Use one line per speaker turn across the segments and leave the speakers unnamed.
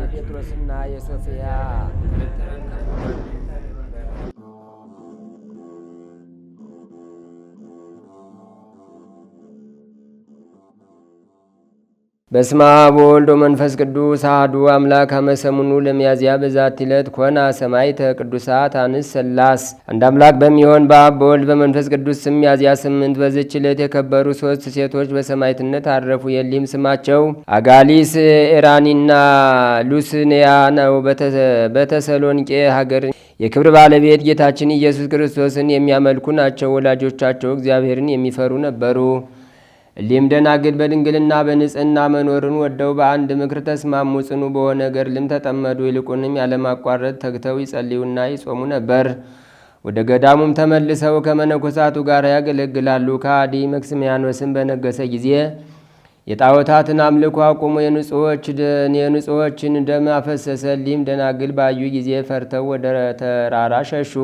የጴጥሮስና የሶፊያ በስመ አብ ወወልድ ወመንፈስ ቅዱስ አሐዱ አምላክ። አመ ሰሙኑ ለሚያዝያ በዛቲ ዕለት ኮና ሰማዕተ ቅዱሳት አንስት ሰላስ አንድ አምላክ በሚሆን በአብ በወልድ በመንፈስ ቅዱስ ስም ሚያዝያ ስምንት በዚች ዕለት የከበሩ ሶስት ሴቶች በሰማዕትነት አረፉ። የሊህም ስማቸው አጋሊስ፣ ኤራኒና ሉስንያ ነው። በተሰሎንቄ ሀገር የክብር ባለቤት ጌታችን ኢየሱስ ክርስቶስን የሚያመልኩ ናቸው። ወላጆቻቸው እግዚአብሔርን የሚፈሩ ነበሩ። እሊም ደናግል በድንግልና በንጽህና መኖርን ወደው በአንድ ምክር ተስማሙ። ጽኑ በሆነ ገድልም ተጠመዱ። ይልቁንም ያለማቋረጥ ተግተው ይጸልዩና ይጾሙ ነበር። ወደ ገዳሙም ተመልሰው ከመነኮሳቱ ጋር ያገለግላሉ። ከአዲ መክስሚያኖስን በነገሰ ጊዜ የጣዖታትን አምልኮ አቁሞ የንጹዎችን ደም አፈሰሰ። እሊም ደናግል ባዩ ጊዜ ፈርተው ወደ ተራራ ሸሹ።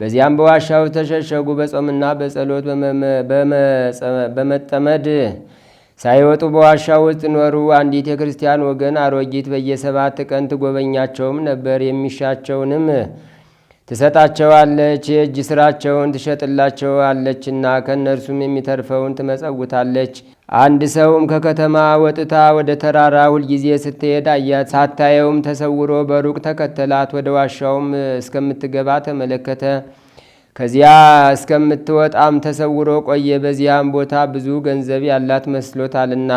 በዚያም በዋሻው ተሸሸጉ። በጾምና በጸሎት በመጠመድ ሳይወጡ በዋሻው ውስጥ ኖሩ። አንዲት የክርስቲያን ወገን አሮጊት በየሰባት ቀን ትጎበኛቸውም ነበር። የሚሻቸውንም ትሰጣቸዋለች፣ የእጅ ስራቸውን ትሸጥላቸዋለችና ከእነርሱም የሚተርፈውን ትመጸውታለች። አንድ ሰውም ከከተማ ወጥታ ወደ ተራራ ሁልጊዜ ስትሄድ አያት። ሳታየውም ተሰውሮ በሩቅ ተከተላት። ወደ ዋሻውም እስከምትገባ ተመለከተ። ከዚያ እስከምትወጣም ተሰውሮ ቆየ። በዚያም ቦታ ብዙ ገንዘብ ያላት መስሎታልና።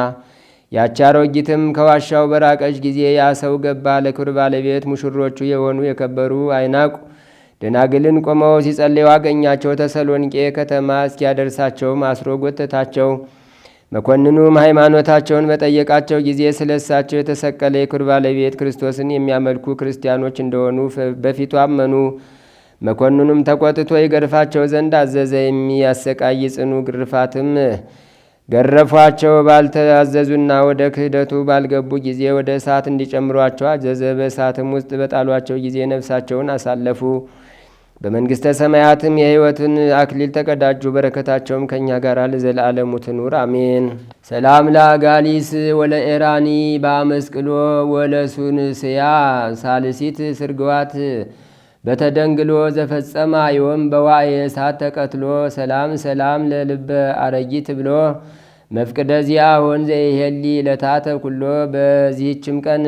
ያች አሮጊትም ከዋሻው በራቀች ጊዜ ያ ሰው ገባ። ለክብር ባለቤት ሙሽሮቹ የሆኑ የከበሩ አይናቁ ደናግልን ቆመው ሲጸልዩ አገኛቸው። ተሰሎንቄ ከተማ እስኪያደርሳቸውም አስሮ ጎተታቸው። መኮንኑም ሃይማኖታቸውን በጠየቃቸው ጊዜ ስለ እሳቸው የተሰቀለ የክብር ባለቤት ክርስቶስን የሚያመልኩ ክርስቲያኖች እንደሆኑ በፊቱ አመኑ። መኮንኑም ተቆጥቶ ይገርፋቸው ዘንድ አዘዘ። የሚያሰቃይ ጽኑ ግርፋትም ገረፏቸው። ባልተዘዙና ወደ ክህደቱ ባልገቡ ጊዜ ወደ እሳት እንዲጨምሯቸው አዘዘ። በእሳትም ውስጥ በጣሏቸው ጊዜ ነፍሳቸውን አሳለፉ። በመንግሥተ ሰማያትም የሕይወትን አክሊል ተቀዳጁ። በረከታቸውም ከእኛ ጋር ለዘላለሙ ትኑር አሜን። ሰላም ለአጋሊስ ወለ ኤራኒ በአመስቅሎ ወለ ሱንስያ ሳልሲት ስርግዋት በተደንግሎ ዘፈጸማ ይወም በዋየ እሳት ተቀትሎ ሰላም ሰላም ለልበ አረጊት ብሎ መፍቅደዚያ ዚአሆን ዘይሄሊ ለታተ ኩሎ በዚህችም ቀን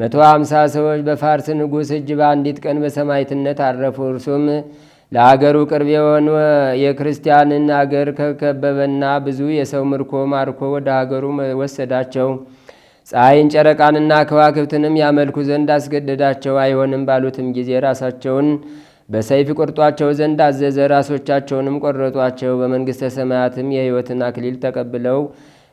መቶ አምሳ ሰዎች በፋርስ ንጉሥ እጅ በአንዲት ቀን በሰማይትነት አረፉ። እርሱም ለአገሩ ቅርብ የሆነ የክርስቲያንን አገር ከከበበና ብዙ የሰው ምርኮ ማርኮ ወደ አገሩ ወሰዳቸው። ፀሐይን ጨረቃንና ከዋክብትንም ያመልኩ ዘንድ አስገደዳቸው። አይሆንም ባሉትም ጊዜ ራሳቸውን በሰይፍ ቆርጧቸው ዘንድ አዘዘ። ራሶቻቸውንም ቆረጧቸው። በመንግሥተ ሰማያትም የሕይወትን አክሊል ተቀብለው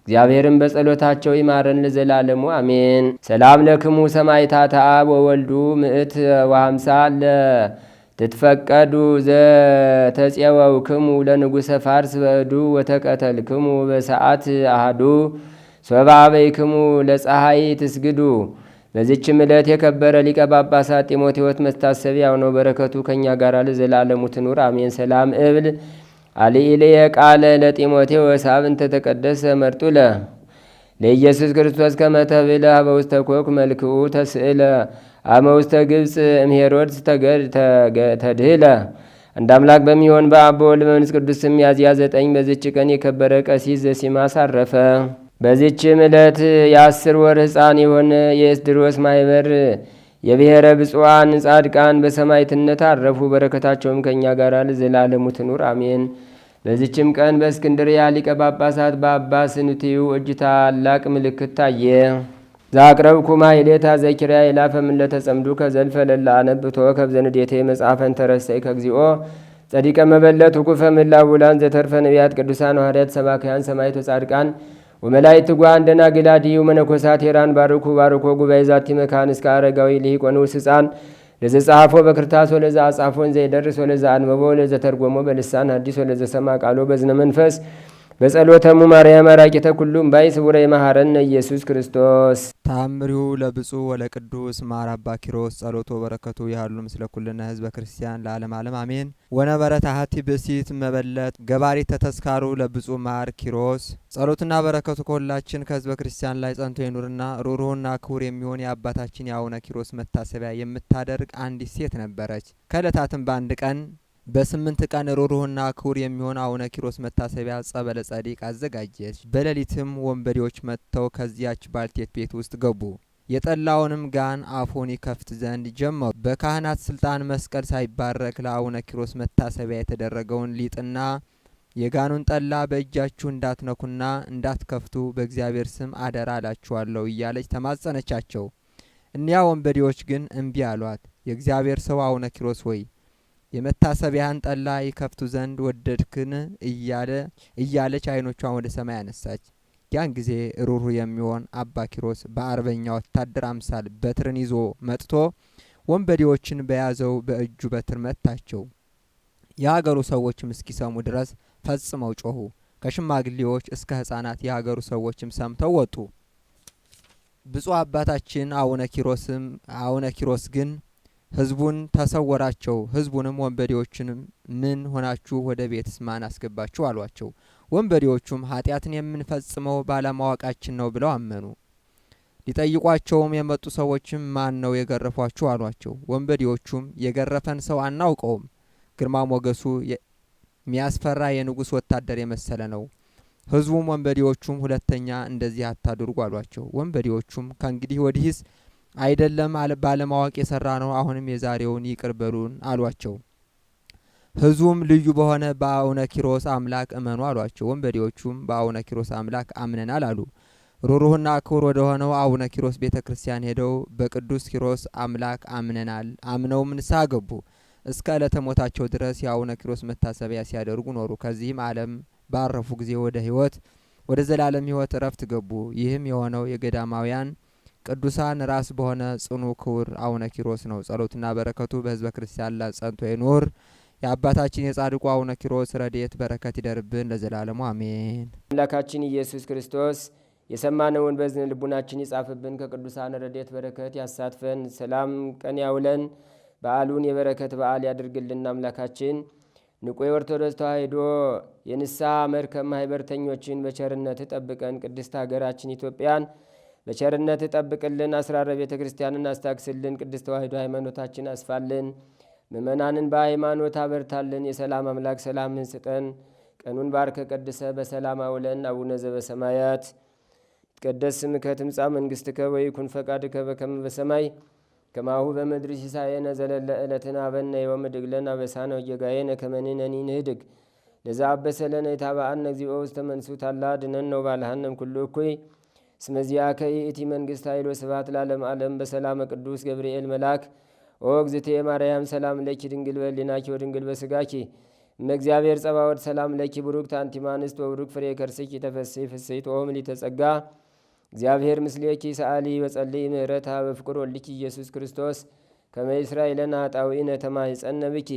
እግዚአብሔርን በጸሎታቸው ይማረን ለዘላለሙ አሜን። ሰላም ለክሙ ሰማዕታተ አብ ወወልዱ ምእት ወሃምሳ ትትፈቀዱ ዘተጼወው ክሙ ለንጉሰ ፋርስ በእዱ ወተቀተል ክሙ በሰዓት አህዱ ሶባበይ ክሙ ለፀሐይ ትስግዱ። በዚችም ዕለት የከበረ ሊቀ ጳጳሳት ጢሞቴዎስ መታሰቢያው ነው። በረከቱ ከእኛ ጋር ለዘላለሙ ትኑር አሜን። ሰላም እብል አልኢልየ ቃለ ለጢሞቴዎስ አብንተ ተቀደሰ መርጡለ ለኢየሱስ ክርስቶስ ከመተብለ በውስተ ኮክ መልክኡ ተስእለ አመውስተ ግብፅ እምሄሮድስ ተድህለ እንደ አምላክ በሚሆን በአብ በወልድ በመንፈስ ቅዱስ ስም ሚያዝያ ዘጠኝ በዚች ቀን የከበረ ቀሲስ ዘሲማስ አረፈ። በዚችም ዕለት የአስር ወር ሕፃን የሆነ የኤስድሮስ ማይበር የብሔረ ብፁዓን ጻድቃን በሰማይትነት አረፉ። በረከታቸውም ከእኛ ጋር ለዘላለሙ ትኑር አሜን። በዚችም ቀን በእስክንድርያ ሊቀ ጳጳሳት በአባ ስንትዩ እጅ ታላቅ ምልክት ታየ። ዛቅረብ ኩማ የሌታ ዘኪርያ የላፈ ምለተ ጸምዱ ከዘልፈ ለላ አነብቶ ከብዘንዴቴ መጽሐፈን ተረሰይ ከግዚኦ ጸዲቀ መበለት ውቁፈ ምላውላን ዘተርፈ ነቢያት ቅዱሳን ዋህርያት ሰባክያን ሰማይቶ ጻድቃን ወመላይት ጓ እንደና አድኅዩ መነኮሳት ሄራን ባርኩ ባርኮ ጉባኤ ዛቲ መካን እስከ አረጋዊ ልሂቆን ውስጻን ለዘጻፎ በክርታስ ወለዛ አጻፎን ዘይደርስ ወለዛ አንበቦ ወለዘ ተርጎሞ በልሳን አዲስ ወለዘ ሰማ ቃሎ በዝነ መንፈስ በጸሎተሙ ማርያም አራቂተ ኩሉም ባይ ስቡረ የማሃረነ ኢየሱስ ክርስቶስ ታምሪሁ ወለ ወለቅዱስ ማር አባ ኪሮስ ጸሎቶ በረከቱ ያሉ ምስለ ኩልነ ህዝበ ክርስቲያን ለዓለም ዓለም አሜን። ወነበረ ታህቲ ብእሲት መበለት ገባሪ ተስካሩ ለብፁ ማር ኪሮስ ጸሎትና በረከቱ ከሁላችን ከህዝበ ክርስቲያን ላይ ጸንቶ ይኑርና ሩሩህና ክቡር የሚሆን የአባታችን የአቡነ ኪሮስ መታሰቢያ የምታደርግ አንዲት ሴት ነበረች። ከእለታትም በአንድ ቀን በስምንት ቀን ሩሩህና ክቡር የሚሆን አቡነ ኪሮስ መታሰቢያ ጸበለ ጸዲቅ አዘጋጀች። በሌሊትም ወንበዴዎች መጥተው ከዚያች ባልቴት ቤት ውስጥ ገቡ። የጠላውንም ጋን አፉን ይከፍት ዘንድ ጀመሩ። በካህናት ስልጣን መስቀል ሳይባረክ ለአቡነ ኪሮስ መታሰቢያ የተደረገውን ሊጥና የጋኑን ጠላ በእጃችሁ እንዳትነኩና እንዳትከፍቱ በእግዚአብሔር ስም አደራ አላችኋለሁ እያለች ተማጸነቻቸው። እኒያ ወንበዴዎች ግን እምቢ አሏት። የእግዚአብሔር ሰው አቡነ ኪሮስ ሆይ የመታሰቢያን ጠላ ይከፍቱ ዘንድ ወደድክን እያለች አይኖቿን ወደ ሰማይ አነሳች። ያን ጊዜ ሩሩ የሚሆን አባ ኪሮስ በአርበኛ ወታደር አምሳል በትርን ይዞ መጥቶ ወንበዴዎችን በያዘው በእጁ በትር መታቸው። የሀገሩ ሰዎችም እስኪሰሙ ድረስ ፈጽመው ጮኹ። ከሽማግሌዎች እስከ ሕፃናት የሀገሩ ሰዎችም ሰምተው ወጡ። ብፁዕ አባታችን አቡነ ኪሮስም አቡነ ኪሮስ ግን ህዝቡን ተሰወራቸው። ህዝቡንም ወንበዴዎችንም ምን ሆናችሁ ወደ ቤትስ ማን አስገባችሁ አሏቸው። ወንበዴዎቹም ኃጢአትን የምንፈጽመው ባለማወቃችን ነው ብለው አመኑ። ሊጠይቋቸውም የመጡ ሰዎችም ማን ነው የገረፏችሁ አሏቸው። ወንበዴዎቹም የገረፈን ሰው አናውቀውም፣ ግርማ ሞገሱ የሚያስፈራ የንጉሥ ወታደር የመሰለ ነው። ህዝቡም ወንበዴዎቹም ሁለተኛ እንደዚህ አታድርጉ አሏቸው። ወንበዴዎቹም ከእንግዲህ ወዲህስ አይደለም ባለማወቅ የሰራ ነው። አሁንም የዛሬውን ይቅር በሉን አሏቸው። ህዝቡም ልዩ በሆነ በአቡነ ኪሮስ አምላክ እመኑ አሏቸው። ወንበዴዎቹም በአቡነ ኪሮስ አምላክ አምነናል አሉ። ሩሩህና ክቡር ወደ ሆነው አቡነ ኪሮስ ቤተ ክርስቲያን ሄደው በቅዱስ ኪሮስ አምላክ አምነናል አምነውም ንስሐ ገቡ። እስከ ዕለተ ሞታቸው ድረስ የአቡነ ኪሮስ መታሰቢያ ሲያደርጉ ኖሩ። ከዚህም ዓለም ባረፉ ጊዜ ወደ ህይወት ወደ ዘላለም ህይወት እረፍት ገቡ። ይህም የሆነው የገዳማውያን ቅዱሳን ራስ በሆነ ጽኑ ክቡር አቡነ ኪሮስ ነው። ጸሎትና በረከቱ በህዝበ ክርስቲያን ላይ ጸንቶ ይኑር። የአባታችን የጻድቁ አቡነ ኪሮስ ረድኤት በረከት ይደርብን ለዘላለሙ አሜን። አምላካችን ኢየሱስ ክርስቶስ የሰማነውን በዝን ልቡናችን ይጻፍብን፣ ከቅዱሳን ረድኤት በረከት ያሳትፈን፣ ሰላም ቀን ያውለን፣ በዓሉን የበረከት በዓል ያድርግልን። አምላካችን ንቁ የኦርቶዶክስ ተዋሕዶ የንስሐ መርከብ ማህበርተኞችን በቸርነት ጠብቀን፣ ቅድስት ሀገራችን ኢትዮጵያን በቸርነት ጠብቅልን። አስራረ ቤተ ክርስቲያንን አስታክስልን። ቅድስት ተዋሕዶ ሃይማኖታችን አስፋልን። ምእመናንን በሃይማኖት አበርታልን። የሰላም አምላክ ሰላምን ስጠን። ቀኑን ባርከ ቀድሰ በሰላም አውለን። አቡነ ዘበሰማያት ይትቀደስ ስምከ ትምጻእ መንግሥትከ ወይኩን ፈቃድከ በከመ በሰማይ ከማሁ በምድር ሲሳየነ ዘለለ ዕለትነ ሀበነ ዮም ወኅብ ወኅድግ አበሳነ ወጌጋየነ ከመ ንሕነኒ ንኅድግ ለዘ አበሰ ለነ ኢታብአነ እግዚኦ ውስተ መንሱት አላ አድኅነነ ወባልሐነ እምኩሉ እኩይ ስመዚያ ከይእቲ መንግስት ኃይሎ ስብሐት ላለም ዓለም በሰላም ቅዱስ ገብርኤል መልአክ ኦ እግዝእቴ ማርያም ሰላም ለኪ ድንግል በሊናኪ ወድንግል በስጋኪ እመእግዚአብሔር ጸባወድ ሰላም ለኪ ብሩክ ታንቲማንስት ወብሩክ ፍሬ ከርስኪ ተፈሴ ፍሴት ኦም ሊተጸጋ እግዚአብሔር ምስሌኪ ሰአሊ በጸልይ ምህረታ በፍቅር ወልኪ ኢየሱስ ክርስቶስ ከመይስራኤለን አጣዊነ ተማይጸነ ብኪ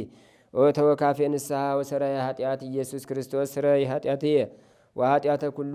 ኦ ተወካፌ ንስሐ ወሰራይ ኃጢአት ኢየሱስ ክርስቶስ ስረይ ኃጢአትየ ወኃጢአተ ኩሉ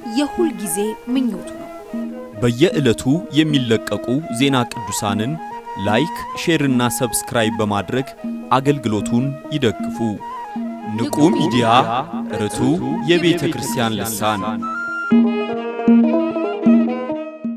የሁል ጊዜ ምኞቱ ነው። በየዕለቱ የሚለቀቁ ዜና ቅዱሳንን ላይክ፣ ሼርና ሰብስክራይብ በማድረግ አገልግሎቱን ይደግፉ። ንቁ ሚዲያ ርቱ የቤተ ክርስቲያን ልሳን